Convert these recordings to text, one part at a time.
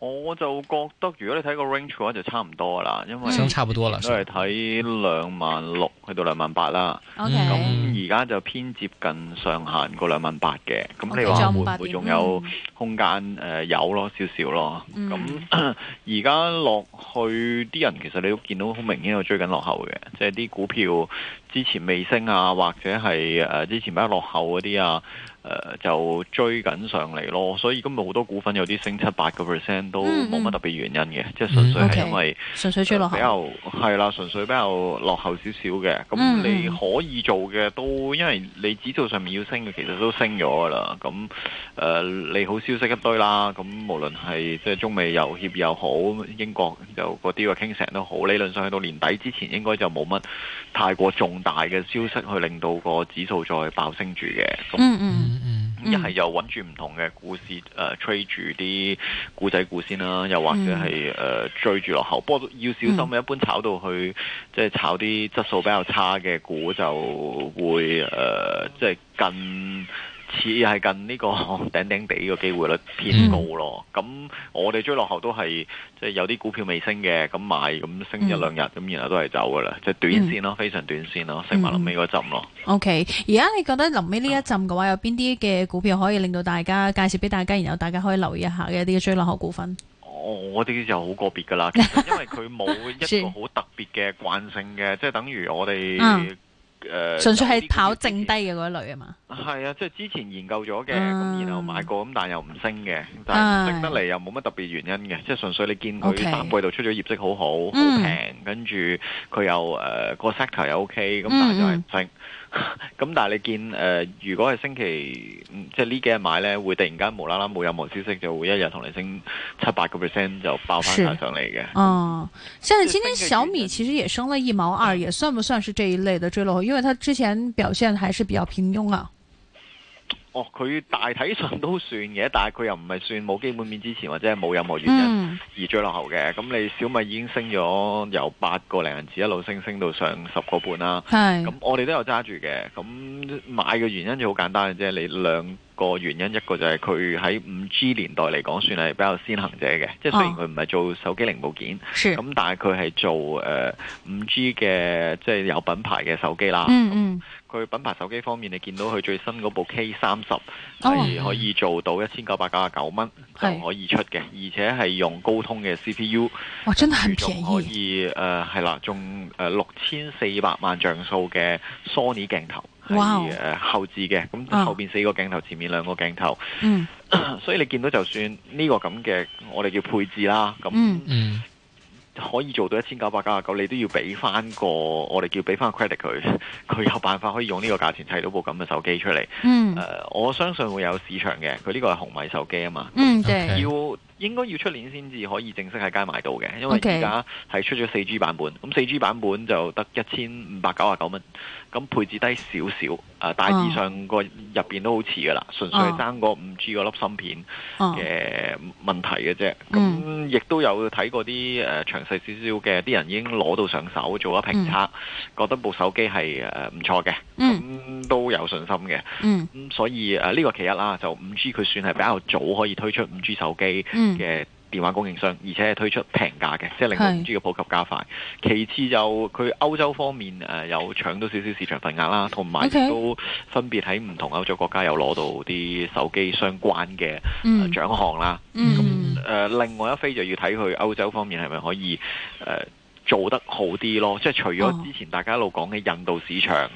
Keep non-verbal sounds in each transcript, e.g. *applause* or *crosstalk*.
我就覺得如果你睇個 range 嘅話就差唔多啦，因為都係睇兩萬六去到兩萬八啦。咁而家就偏接近上限個兩萬八嘅，咁你話會唔會仲有空間有點點？誒有咯，少少咯。咁而家落去啲人其實你都見到好明顯，係追緊落後嘅，即係啲股票之前未升啊，或者係誒之前比較落後嗰啲啊。誒、呃，就追緊上嚟咯，所以今日好多股份有啲升七八個 percent，都冇乜特別原因嘅、嗯嗯，即係純粹係因為純、嗯 okay, 粹追落後係、呃、啦，純粹比較落後少少嘅。咁你可以做嘅都，因為你指數上面要升嘅，其實都升咗噶啦。咁誒、呃，利好消息一堆啦。咁無論係即係中美又業又好，英國又嗰啲個傾成都好，理論上去到年底之前，應該就冇乜太過重大嘅消息去令到個指數再爆升住嘅。嗯嗯。又又呃、一係又揾住唔同嘅股市，誒 trade 住啲古仔股先啦，又或者係誒、嗯呃、追住落後。不過要小心、嗯、一般炒到去，即、就、係、是、炒啲質素比較差嘅股就會誒，即係更。就是更似係近呢個頂頂地個機會率偏高咯，咁、嗯、我哋追落後都係即係有啲股票未升嘅，咁買咁升一兩日，咁、嗯、然後都係走噶啦，即、就、係、是、短線咯、嗯，非常短線咯，升埋臨尾嗰陣咯。O K，而家你覺得臨尾呢一陣嘅話，嗯、有邊啲嘅股票可以令到大家介紹俾大家，然後大家可以留意一下嘅一啲追落後股份？哦，我哋就好個別噶啦，其實因為佢冇一個好特別嘅慣性嘅， *laughs* 即係等於我哋。嗯純、呃、粹係跑剩低嘅嗰一類啊嘛，係啊，即、就、係、是、之前研究咗嘅，咁、嗯、然後買過咁，但係又唔升嘅，但係升得嚟又冇乜特別原因嘅，即係純粹你見佢三季度出咗業績好好，好、嗯、平，跟住佢又誒、呃、個 sector 又 OK，咁但係就係唔升。嗯嗯咁、 *laughs* 嗯、但係你見誒、呃，如果係星期、嗯、即係呢幾日買咧，會突然間無啦啦冇任何消息，就會一日同你升七八個 percent 就爆翻晒上嚟嘅。嗯，像今天小米其實也升了一毛二、嗯，也算不算是這一類的追落？因為它之前表現還是比較平庸啊。哦，佢大體上都算嘅，但係佢又唔係算冇基本面支持或者係冇任何原因而最落後嘅。咁、嗯、你小米已經升咗由八個零字一路升升到上十個半啦。咁，我哋都有揸住嘅。咁買嘅原因就好簡單嘅啫，就係、你兩個原因，一個就係佢喺五 G 年代嚟講算係比較先行者嘅，即係雖然佢唔係做手機零部件，咁但係佢係做誒五 G 嘅即係有品牌嘅手機啦。嗯，嗯。佢品牌手機方面，你見到佢最新嗰部 K 三十係可以做到一千九百九十九蚊就可以出嘅，而且係用高通嘅 CPU，哇、oh，真可以誒係啦，仲誒六千四百萬像素嘅 Sony 鏡頭，係、wow、誒後置嘅，咁後面四個鏡頭、oh，前面兩個鏡頭。嗯、mm. *coughs* 所以你見到就算呢個咁嘅，我哋叫配置啦，咁、mm. 嗯。Mm. 可以做到 1999, 一千九百九十九，你都要俾翻個，我哋叫俾翻個 credit 佢，佢有辦法可以用呢個價錢砌到部咁嘅手機出嚟。嗯、mm. uh, 我相信會有市場嘅，佢呢個係紅米手機啊嘛。嗯、mm, okay.，要。應該要出年先至可以正式喺街買到嘅，因為而家係出咗 4G 版本，咁 4G 版本就得一千五百九十九蚊，咁配置低少少，啊、呃、大致上個入邊都好似噶啦，純粹爭個 5G 個粒芯片嘅問題嘅啫。咁、哦、亦、嗯、都有睇過啲誒、呃、詳細少少嘅，啲人已經攞到上手做咗評測，嗯、覺得部手機係誒唔錯嘅，咁、嗯、都有信心嘅。咁、嗯、所以誒呢、呃、這個其一啦，就 5G 佢算係比較早可以推出 5G 手機。嗯嘅電話供應商，而且係推出平價嘅，即係令到五 G 嘅普及加快。其次就佢歐洲方面誒、呃，有搶到少少市場份額啦，同埋、okay. 亦都分別喺唔同歐洲國家有攞到啲手機相關嘅獎、呃、項啦。咁、嗯、誒、呃，另外一飛就要睇佢歐洲方面係咪可以誒、呃、做得好啲咯？即係除咗之前大家一路講嘅印度市場。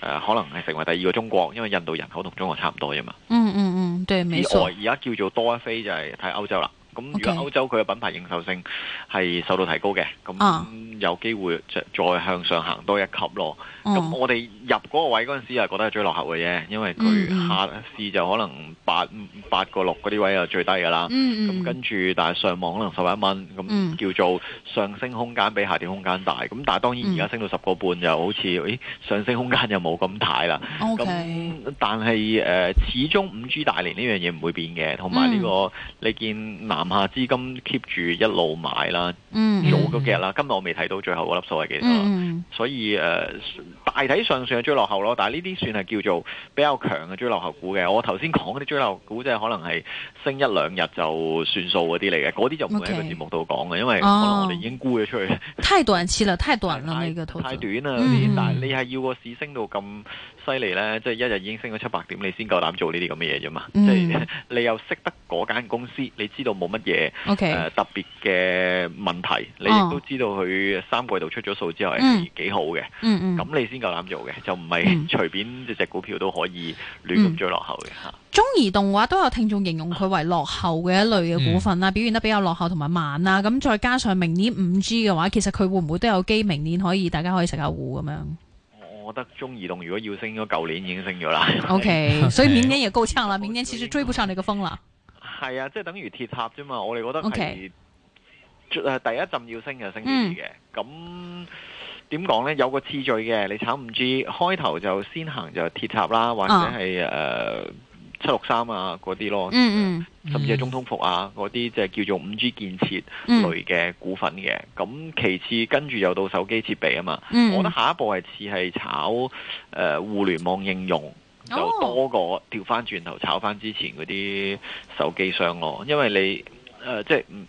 誒、呃，可能係成為第二個中國，因為印度人口同中國差唔多啫嘛。嗯嗯嗯，對，沒錯。而外而家叫做多一飛就係睇歐洲啦。咁如果歐洲佢嘅品牌認受性係受到提高嘅，咁、嗯啊、有機會再向上行多一級咯。咁、啊、我哋入嗰個位嗰陣時係覺得係最落後嘅嘢，因為佢下試就可能八八個六嗰啲位就最低㗎啦。咁跟住但係上網可能十一蚊，咁叫做上升空間比下跌空間大。咁但係當然而家升到十個半就好似，咦上升空間又冇咁大啦。咁、嗯、但係誒、呃、始終五 G 大年呢樣嘢唔會變嘅，同埋呢個、嗯、你見。南。下資金 keep 住一路買啦，早、嗯、嗰幾日啦，今日我未睇到最後嗰粒數係幾多、嗯，所以誒、uh，大體上算係追落後咯。但係呢啲算係叫做比較強嘅追落後股嘅。我頭先講嗰啲追落後股，即係可能係升一兩日就算數嗰啲嚟嘅，嗰啲就唔會喺個節目度講嘅，因為可能我哋已經沽咗出去。哦、 *laughs* 太短期啦，太短啦，你、那個頭，太短啦、嗯。但係你係要個市升到咁。犀利咧，即係一日已經升咗七百點，你先夠膽做呢啲咁嘅嘢啫嘛。即係你又識得嗰間公司，你知道冇乜嘢特別嘅問題，你亦都知道佢三季度出咗數之後係幾好嘅。咁、嗯嗯嗯、你先夠膽做嘅，就唔係隨便一隻股票都可以亂咁追落後嘅、嗯、中移動話都有聽眾形容佢為落後嘅一類嘅股份啦、嗯，表現得比較落後同埋慢啦。咁再加上明年五 G 嘅話，其實佢會唔會都有機明年可以大家可以食下餚咁樣？我覺得中移動如果要升，應該舊年已經升咗啦。Okay， *laughs* 所以明年也夠嗆啦，明年其實追不上呢個風啦。係啊，即係等於鐵塔啫嘛。我哋覺得，Okay，第一陣要升就升住嘅。咁點講呢？有個次序嘅，你慘唔知開頭就先行就鐵塔啦，或者係誒。Uh-huh. 七六三啊，嗰啲咯、嗯嗯，甚至係中通服啊，嗰啲即係叫做五 G 建設類嘅股份嘅。咁、嗯、其次跟住又到手機設備啊嘛、嗯。我覺得下一步係似係炒誒、呃、互聯網應用，就多過調翻轉頭炒翻之前嗰啲手機商咯。因為你誒、呃、即係。呃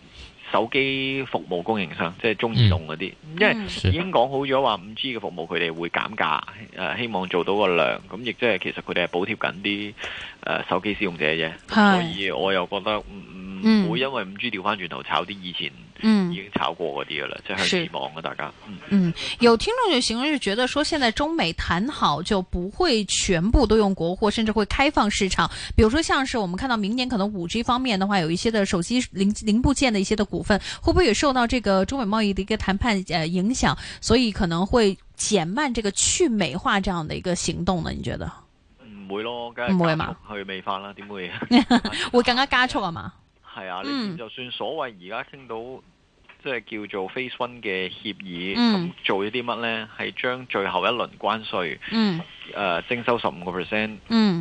手機服務供應商，即係中移動嗰啲、嗯，因為已經講好咗話五 G 嘅服務佢哋會減價，誒、呃、希望做到個量咁，亦即係其實佢哋係補貼緊啲誒、呃、手機使用者啫，所以我又覺得唔唔、嗯嗯、會因為五 G 掉返轉頭炒啲以前。嗯，已經炒過嗰啲噶啦，即係希望啊，大家。嗯嗯，有聽眾就形容就覺得說，現在中美談好就不會全部都用國貨，甚至會開放市場。比如說，像是我們看到明年可能五 G 方面的話，有一些的手機零零部件的一些的股份，會不會也受到這個中美貿易的一個談判呃影響？所以可能會減慢這個去美化這樣的一個行動呢？你覺得？唔會咯，加會會 *laughs* 更加加速去美化啦？點會？會更加加速啊嘛？係啊，你就算所謂而家傾到即係、就是、叫做 Phase One 嘅協議，咁、嗯、做咗啲乜呢？係將最後一輪關稅，誒、嗯呃、徵收十五個 percent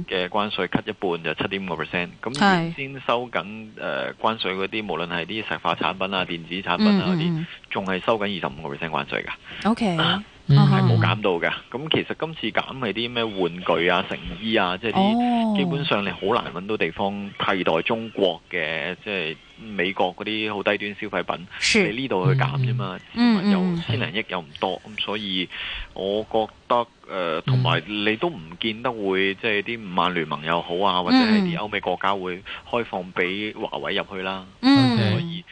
嘅關稅，cut、嗯、一半就七點五個 percent。咁原先收緊誒、呃、關稅嗰啲，無論係啲石化產品啊、電子產品啊嗰啲，仲、嗯、係收緊二十五個 percent 關稅噶。OK、啊。嗯，係冇減到嘅。咁其實今次減係啲咩玩具啊、成衣啊，即係啲基本上你好難揾到地方替代中國嘅，即係美國嗰啲好低端消費品，你呢度去減啫嘛。嗯、mm -hmm. 有千零億又唔多，咁、mm -hmm. 所以我覺得誒，同、呃、埋你都唔見得會即係啲五眼聯盟又好啊，或者係啲歐美國家會開放俾華為入去啦。嗯、mm -hmm.。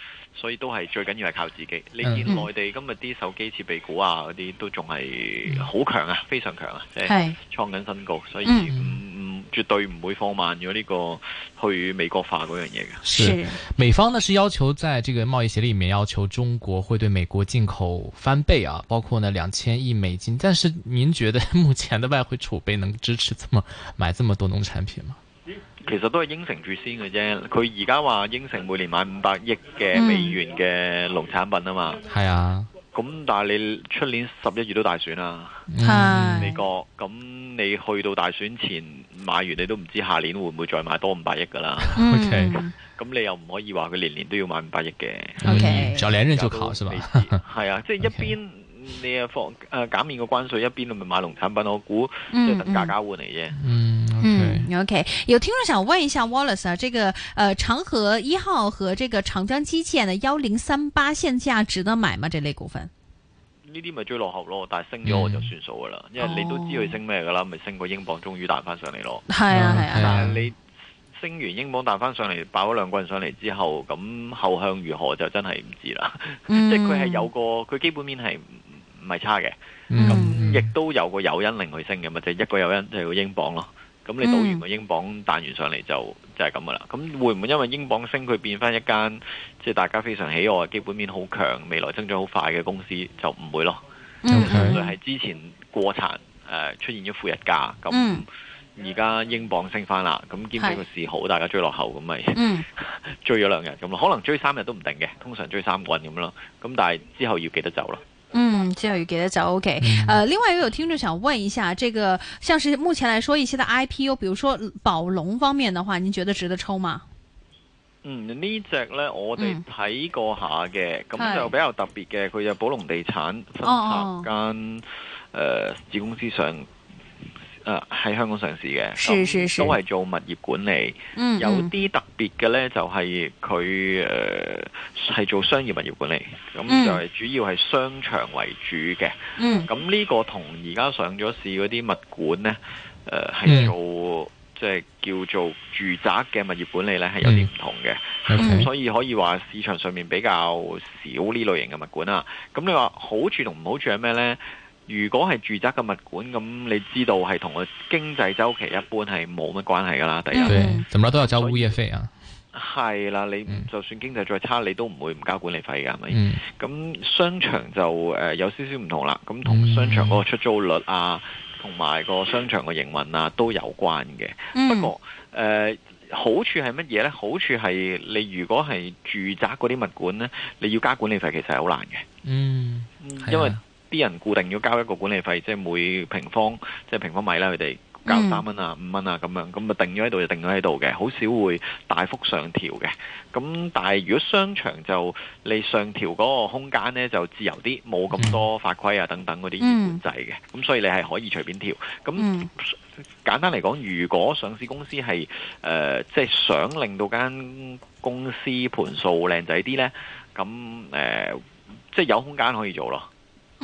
所以都係最緊要係靠自己。你見內地今日啲手機設備股啊嗰啲，嗯、都仲係好強啊，嗯，非常強啊，即係創緊新高。所以唔唔，嗯，絕對唔會放慢咗呢個去美國化嗰樣嘢嘅。是美方呢，是要求在這個貿易協議裏面要求中國會對美國進口翻倍啊，包括呢兩千億美金。但是您覺得目前的外匯儲備能支持這麼買這麼多農產品嗎？其實都係應承住先嘅啫，佢而家話應承每年買五百億嘅美元嘅農產品啊嘛，係、嗯、啊，咁但係你出年十一月都大選啦、嗯，美國，咁你去到大選前買完，你都唔知下年會唔會再買多五百億噶啦，OK，咁你又唔可以話佢年年都要買五百億嘅，只要連任就跑是吧？係 *laughs* 啊，即、就、係、是、一邊你啊放誒減、呃、免個關稅，一邊咪買農產品，我估即係等價交換嚟啫。嗯嗯嗯。O.K. 有聽眾想問一下 Wallace 啊，這個，呃，長和一號和這個長江基建的幺零三八現價值得買嗎？這類股份呢啲咪最落後咯，但係升咗我就算數噶啦，因為你都知佢升咩噶啦，咪、哦、升個英鎊終於彈翻上嚟咯。係啊係啊，但係你升完英鎊彈翻上嚟，爆咗兩棍上嚟之後，咁後向如何就真係唔知啦、嗯。即係佢係有個佢基本面係唔係差嘅，咁、嗯、亦都有個誘因令佢升嘅，嘛，就係、一個誘因就係個英鎊咯。咁、嗯、你賭完個英鎊彈完上嚟就就係咁噶啦。咁會唔會因為英鎊升佢變翻一間即係大家非常喜愛、基本面好強、未來增長好快嘅公司就唔會咯？咁、嗯、係。係之前過殘、呃、出現咗負日價，咁而家英鎊升翻啦，咁、嗯、兼且個市好，大家追落後咁咪、就是嗯、 *laughs* 追咗兩日咁可能追三日都唔定嘅，通常追三滾咁咯。咁但係之後要記得走咯。嗯，之後要記得就 OK，、嗯呃、另外又有聽眾想問一下，這個像是目前來說一些的 IPO，比如說寶龍方面的話，你覺得值得抽嗎？嗯，呢隻呢，我哋睇過下嘅，咁、嗯、就比較特別嘅，佢有寶龍地產分拆間、哦哦呃、子公司上。誒，喺香港上市嘅，都係做物業管理。嗯、有啲特別嘅呢，就係佢誒係做商業物業管理，咁、嗯、就係主要係商場為主嘅。咁、嗯、呢個同而家上咗市嗰啲物管呢，誒、呃、係做即係、嗯就係、叫做住宅嘅物業管理呢，係有啲唔同嘅。咁、嗯、所以可以話市場上面比較少呢類型嘅物管啊。咁你話好處同唔好處係咩呢？如果係住宅嘅物管，咁你知道係同個經濟週期一般係冇乜關係噶啦，第一，啦都要交物業費啊，係啦，你就算經濟再差，嗯、你都唔會唔交管理費噶，係、嗯、咪？咁商場就誒、呃、有少少唔同啦，咁同商場嗰個出租率啊，同埋個商場嘅營運啊都有關嘅。不過誒、嗯呃、好處係乜嘢呢？好處係你如果係住宅嗰啲物管呢，你要加管理費其實係好難嘅，嗯，因為。啲人固定要交一個管理費，即係每平方即係平方米啦，佢哋交三蚊啊、五蚊啊咁樣，咁咪定咗喺度就定咗喺度嘅，好少會大幅上調嘅。咁但係如果商場就你上調嗰個空間咧，就自由啲，冇咁多法規啊等等嗰啲管制嘅，咁所以你係可以隨便調。咁簡單嚟講，如果上市公司係誒即係想令到間公司盤數靚仔啲咧，咁誒即係有空間可以做咯。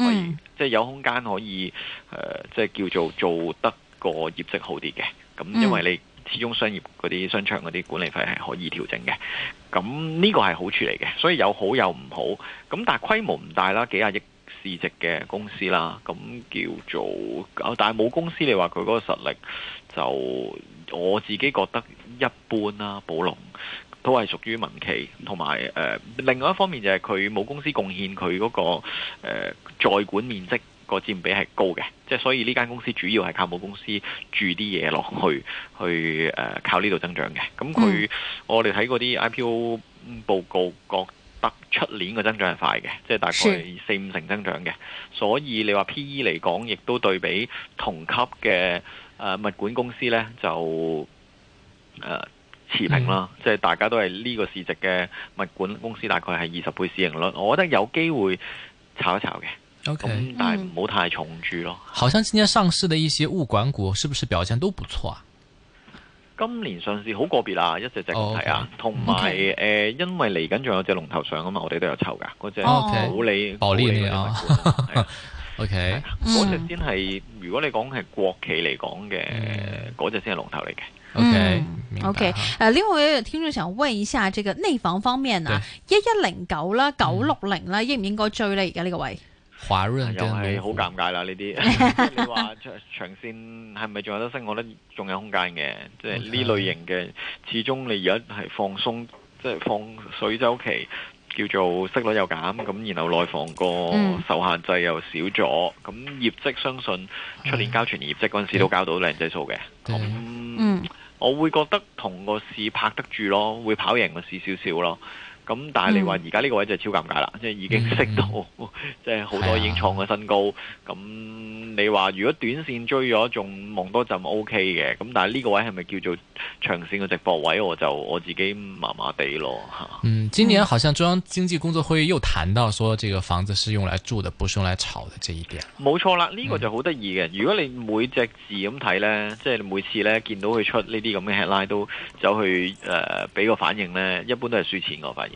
可以，即係、就是、有空間可以誒，即、呃、係、就是、叫做做得個業績好啲嘅。咁因為你始終商業嗰啲商場嗰啲管理費係可以調整嘅。咁呢個係好處嚟嘅，所以有好有唔好。咁但係規模唔大啦，幾廿億市值嘅公司啦。咁叫做，哦、但係冇公司你話佢嗰個實力就，就我自己覺得一般啦，寶龍。都係屬於民企，同埋誒另外一方面就係佢母公司貢獻、那個，佢嗰個誒在管面積個佔比係高嘅，即、就、係、是、所以呢間公司主要係靠母公司住啲嘢落去，去誒、呃、靠呢度增長嘅。咁佢、嗯、我哋睇嗰啲 IPO 報告，覺得出年個增長係快嘅，即、就、係、是、大概四五成增長嘅。所以你話 PE 嚟講，亦都對比同級嘅誒、呃、物管公司呢，就誒。呃持平咯、嗯，即係大家都係呢個市值嘅物管公司，大概係二十倍市盈率。我覺得有機會炒一炒嘅，咁、okay, 但係唔好太重注咯。嗯、好像今年上市嘅一些物管股，是不是表現都不錯啊？今年上市好個別啊，一隻隻睇啊。同埋誒，因為嚟緊仲有隻龍頭上啊嘛，我哋都有抽噶。嗰隻保利保利啊，OK，嗰隻先係如果你講係國企嚟講嘅，嗰隻先係龍頭嚟嘅。Okay, 嗯，OK，誒、啊，另外聽眾想問一下，呢個內房方面啊，一一零九啦，九六零啦，應唔應該追呢？而家呢個位，華潤又係好尷尬啦，呢 *laughs* 啲 *laughs* 你話長長線係咪仲有得升？我覺得仲有空間嘅，即係呢類型嘅，始終你而家係放鬆，即、就、係、是、放水周期，叫做息率又減，咁然後內房個受限制又少咗，咁、嗯、業績相信出年交全業績嗰陣時都交到靚仔數嘅，咁嗯。我會覺得同個市拍得住咯，會跑贏個市少少咯。咁但係你話而家呢個位就超尷尬啦，即、嗯、係已經升到，即係好多已經創咗新高。咁、啊嗯、你話如果短線追咗仲望多陣 O K 嘅，咁但係呢個位係咪叫做長線嘅直播位？我就我自己麻麻地咯，吓。嗯，今年好像中央經濟工作會又談到說，這個房子是用來住的，不是用來炒的這一點。冇錯啦，呢、嗯這個就好得意嘅。如果你每隻字咁睇呢，即係每次呢見到佢出呢啲咁嘅 headline 都走去畀俾、呃、個反應呢，一般都係輸錢嘅我發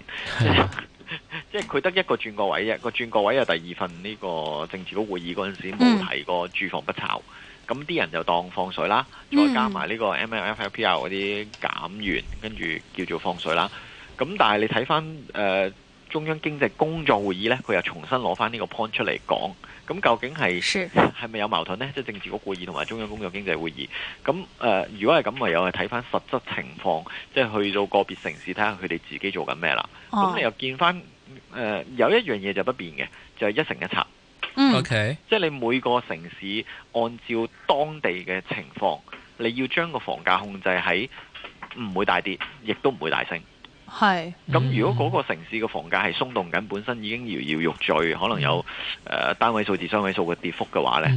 即係，佢得一個轉個位啫，一個轉個位又第二份呢個政治局會議嗰陣時冇提過住房不炒，咁、mm. 啲人就當放水啦，再加埋呢個 MLF LPR 嗰啲減員，跟住叫做放水啦。咁但係你睇翻誒中央經濟工作會議呢，佢又重新攞翻呢個 point 出嚟講。咁究竟係係咪有矛盾呢？即、就、係、是、政治局會議同埋中央工作經濟會議。咁誒、呃，如果係咁，唯有係睇翻實質情況，即、就、係、是、去到個別城市睇下佢哋自己做緊咩啦。咁、哦、你又見翻誒、呃、有一樣嘢就不變嘅，就係、是、一城一策。嗯、o、okay. K，即係你每個城市按照當地嘅情況，你要將個房價控制喺唔會大跌，亦都唔會大升。係，咁如果嗰個城市嘅房價係鬆動緊，本身已經搖搖欲墜，可能有誒、呃、單位數至雙位數嘅跌幅嘅話咧，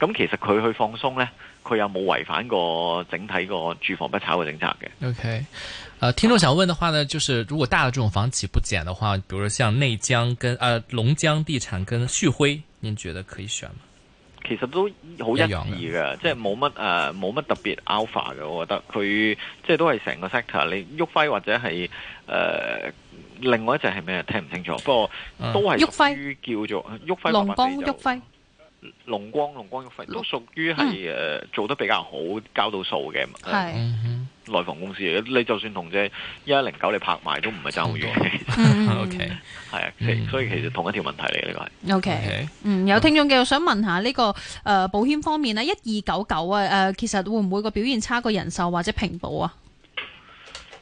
咁、嗯、其實佢去放鬆咧，佢有冇違反過整體個住房不炒嘅政策嘅？OK，、呃、聽眾想問嘅話呢，就是如果大嘅這種房企不減的話，比如像內江跟誒、呃、龍江地產跟旭輝，您覺得可以選嗎？其實都好一致嘅，即係冇乜誒，冇、啊、乜特別 alpha 嘅，我覺得佢即係都係成個 sector。你旭輝或者係誒、呃、另外一隻係咩？聽唔清楚，不過都係屬於叫做旭輝、龍光旭輝，龍光、龍光旭輝，都屬於係誒、啊、做得比較好，交到數嘅。係、嗯嗯。嗯內房公司你就算同隻一一零九你拍賣都唔係爭好遠。O K，係啊，所以其實同一條問題嚟呢個係。O、okay, K，、okay, 嗯，有聽眾想問一下呢、這個誒、呃、保險方面一二九九啊，誒、呃，其實會唔會個表現差過人壽或者平保啊？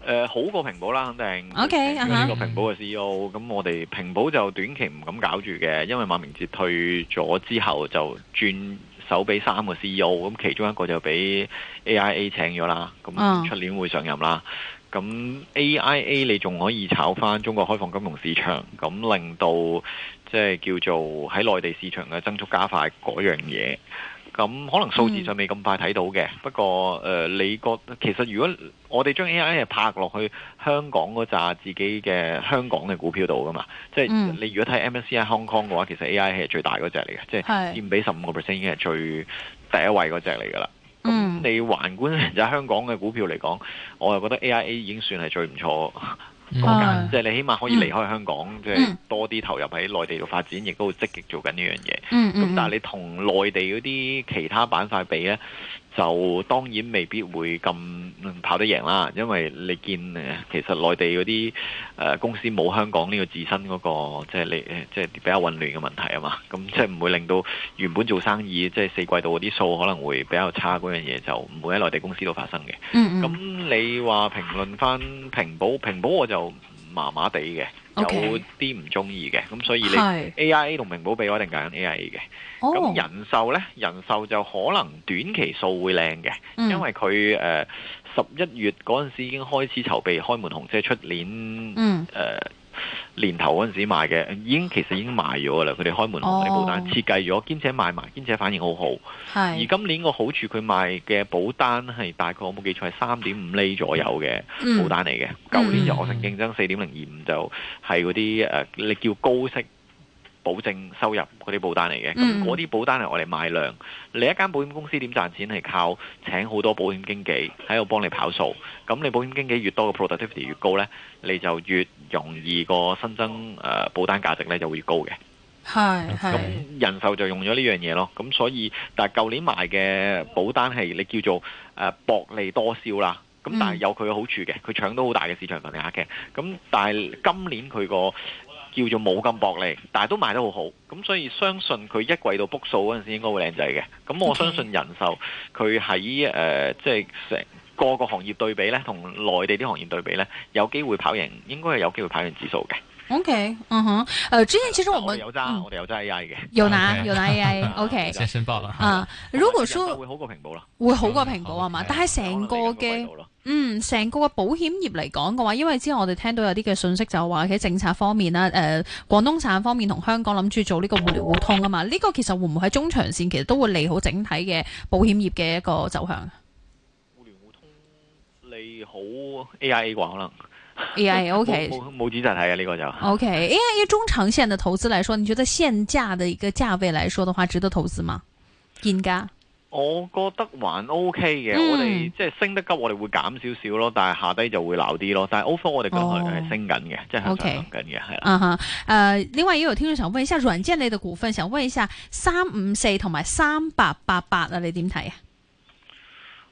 誒、呃，好過平保啦，肯定。O K，因為呢個平保嘅 C E O，咁、嗯、我哋平保就短期唔敢搞住嘅，因為馬明哲退咗之後就轉。首俾三個 C E O，咁其中一個就俾 A I A 請咗啦，咁出年會上任啦。咁、嗯、A I A 你仲可以炒翻中國開放金融市場，咁令到即係叫做喺內地市場嘅增速加快嗰樣嘢。咁可能數字上未咁快睇到嘅，嗯，不過誒，呃，你覺得，其實如果我哋將 A I 係拍落去香港嗰紮自己嘅香港嘅股票度噶嘛，即、就、係、是嗯、你如果睇 MSCI Hong Kong 嘅話，其實 A I A 係最大嗰隻嚟嘅，即係佔比十五個 percent 已經係最第一位嗰隻嚟噶啦。咁，嗯、你橫觀就香港嘅股票嚟講，我又覺得 A I A 已經算係最唔錯。嗯嗯、即係你起碼可以離開香港，即、嗯、係、就係、多啲投入喺內地度發展，亦、嗯、都積極做緊呢樣嘢。咁、嗯嗯、但係你同內地嗰啲其他板塊比呢就當然未必會咁跑得贏啦，因為你見其實內地嗰啲誒公司冇香港呢個自身嗰、嗰個即係、就是、你即係、就是、比較混亂嘅問題啊嘛，咁即係唔會令到原本做生意即係、就是、四季度嗰啲數可能會比較差嗰樣嘢，就唔會喺內地公司度發生嘅。咁、嗯嗯、你話評論翻平保，平保我就，麻麻地嘅，有啲唔中意嘅，咁、okay. 所以你 AIA 同明寶比我一定揀 AIA 嘅。咁、oh. 人壽呢，人壽就可能短期數會靚嘅，mm. 因為佢誒十一月嗰陣時已經開始籌備開門紅車，即係出年、mm. 呃年頭嗰陣時賣嘅，已經其實已經賣咗噶啦。佢哋開門紅嘅保單設計咗，兼、oh. 且賣埋，兼且反應很好好。而今年個好處，佢賣嘅保單係大概我冇記錯係三點五厘左右嘅保單嚟嘅。舊、mm. 年就惡性競爭四點零二五就係嗰啲誒，mm. 你叫高息。保證收入嗰啲保單嚟嘅，嗰啲保單係我哋賣量。你一間保險公司點賺錢，係靠請好多保險經紀喺度幫你跑數。咁你保險經紀越多嘅 productivity 越高呢，你就越容易個新增誒、呃、保單價值呢就會越高嘅。係。係。咁人壽就用咗呢樣嘢咯。咁所以但係舊年賣嘅保單係你叫做、呃、薄利多銷啦。咁但係有佢嘅好處嘅，佢搶到好大嘅市場份額嘅。咁但係今年佢個叫做冇咁薄利，但係都賣得好好，咁所以相信佢一季度 book 數嗰陣時應該會靚仔嘅。咁我相信人壽佢喺誒即係成個個行業對比咧，同內地啲行業對比咧，有機會跑贏，應該係有機會跑贏指數嘅。O、okay, K，、uh -huh. uh, 嗯哼，誒，之前之中我有揸，我哋有揸 A I 嘅，有拿有拿 *laughs* A I，O Okay . K， *laughs* uh, 先啦。啊、uh,，如果說會好過蘋果咯，會好過蘋果係嘛？嗯、okay, 但係成個嘅。嗯，成個嘅保險業嚟講嘅話，因為之後我哋聽到有啲嘅信息就話喺政策方面啦，誒、呃，廣東省方面同香港諗住做呢個互聯互通啊嘛，呢、這個其實會唔會喺中長線其實都會利好整體嘅保險業嘅一個走向？互聯互通利好 A I A 啩可能 A I A OK 冇冇冇仔細睇啊呢個就 OK A I A 中長線嘅投資嚟說，你覺得現價嘅一個價位嚟說嘅話，值得投資嗎？現價？我覺得還 OK 嘅，嗯，我哋即係升得急，我哋會減少少咯，但係下低就會鬧啲咯。但係 overall 我哋過去係升緊嘅，哦，即係升緊嘅係啦。誒、okay, uh -huh, 呃，另外亦有聽眾想問一下軟件類嘅股份，想問一下三五四同埋三八八八啊，你點睇啊？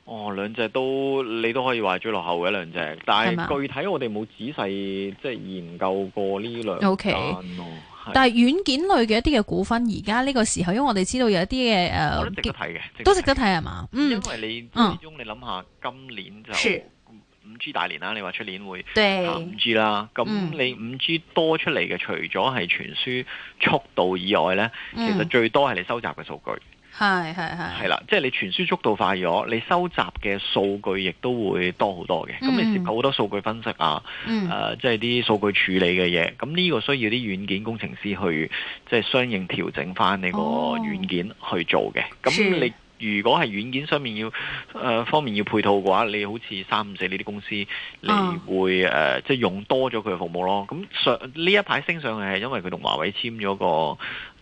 哦，兩隻都你都可以話最落後嘅兩隻，但係具體我哋冇仔細即係研究過呢兩。O K。但係軟件類嘅一啲嘅股份，而家呢個時候，因為我哋知道有一啲嘅誒，呃、我都值得睇嘅，值都值得睇係嘛，嗯，因為你始終你諗下今年就五 G 大年啦，嗯、你話出年會行五 G 啦，咁對你五 G 多出嚟嘅，嗯、除咗係傳輸速度以外咧，其實最多係你收集嘅數據。係係係係啦！即係你傳輸速度快咗，你收集嘅數據亦都會多好多嘅。咁、嗯、你涉及好多數據分析啊，誒、嗯呃，即係啲數據處理嘅嘢。咁呢個需要啲軟件工程師去即係相應調整翻你個軟件去做嘅。咁、哦、你如果係軟件上面要誒、呃、方面要配套嘅話，你好似三五四呢啲公司，你會誒、哦呃、即係用多咗佢嘅服務咯。咁上呢一排升上去係因為佢同華為簽咗個。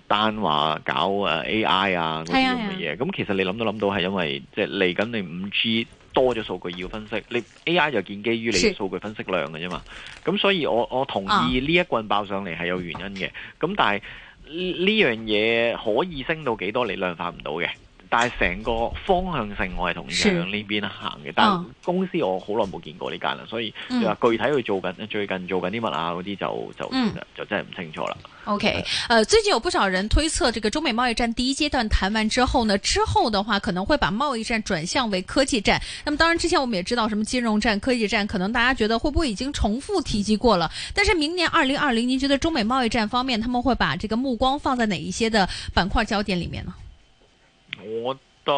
單話搞誒 AI 啊嗰啲咁嘅嘢，咁、啊啊、其實你諗都諗到係因為即係嚟緊你五 G 多咗數據要分析，你 AI 就建基於你數據分析量嘅啫嘛。咁、啊、所以我我同意呢一棍爆上嚟係有原因嘅。咁但係呢樣嘢可以升到幾多，你量化唔到嘅。但係成個方向性我係同樣呢邊行嘅，但公司我好耐冇見過呢間啦、哦，所以話具體佢做緊、嗯、最近做緊啲乜啊嗰啲就就、嗯、就真係唔清楚啦。OK，呃，最近有不少人推測，這個中美貿易戰第一階段談完之後呢，之後的話可能會把貿易戰轉向為科技戰。那麼當然之前我們也知道什麼金融戰、科技戰，可能大家覺得會不會已經重複提及過了？但是明年二零二零，您覺得中美貿易戰方面，他們會把這個目光放在哪一些的板塊焦點裏面呢？我覺得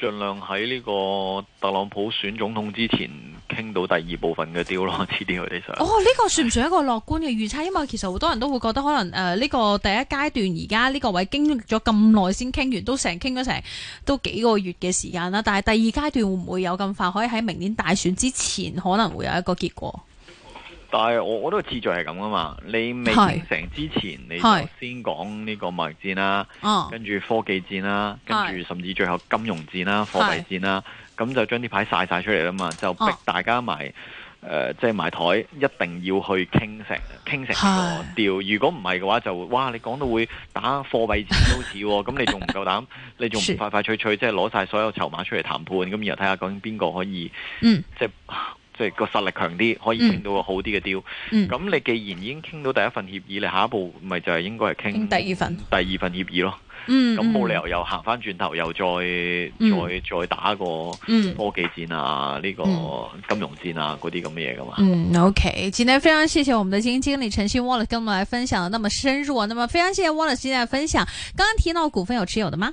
盡量喺呢個特朗普選總統之前傾到第二部分嘅 deal 囉。a 咯，遲啲佢哋就。哦，呢、這個算唔算一個樂觀嘅預測？因為其實好多人都會覺得可能誒呢、呃這個第一階段而家呢個位經歷咗咁耐先傾完，都成傾咗成都幾個月嘅時間啦。但係第二階段會唔會有咁快？可以喺明年大選之前可能會有一個結果。但係我我都個次序係咁噶嘛，你未成之前你就先講呢個貿易戰啦、啊，跟住科技戰啦、啊，跟住甚至最後金融戰啦、啊、貨幣戰啦、啊，咁就將啲牌曬曬出嚟啦嘛，就逼大家埋即係、哦呃就是、埋台，一定要去傾成傾成個調。如果唔係嘅話就，就哇你講到會打貨幣戰都似喎、哦，咁 *laughs* 你仲唔夠膽？你仲唔快快脆脆即係攞晒所有籌碼出嚟談判？咁然後睇下究竟邊個可以，嗯、即即係個實力強啲，可以傾到個好啲嘅 deal 咁。你既然已經傾到第一份協議，你下一步咪就係應該係傾第二份，第二份協議咯。咁、嗯、冇、嗯、理由又行翻轉頭又再、嗯、再再打個科技戰啊，呢、嗯、這個金融戰啊，嗰啲咁嘅嘢噶嘛。嗯，OK，今天非常謝謝我們的基金經理陳昕 Wallace 跟我們來分享的那麼深入，啊。那麼非常謝謝 Wallace 今日嘅分享。剛剛提到股份有持有的嗎？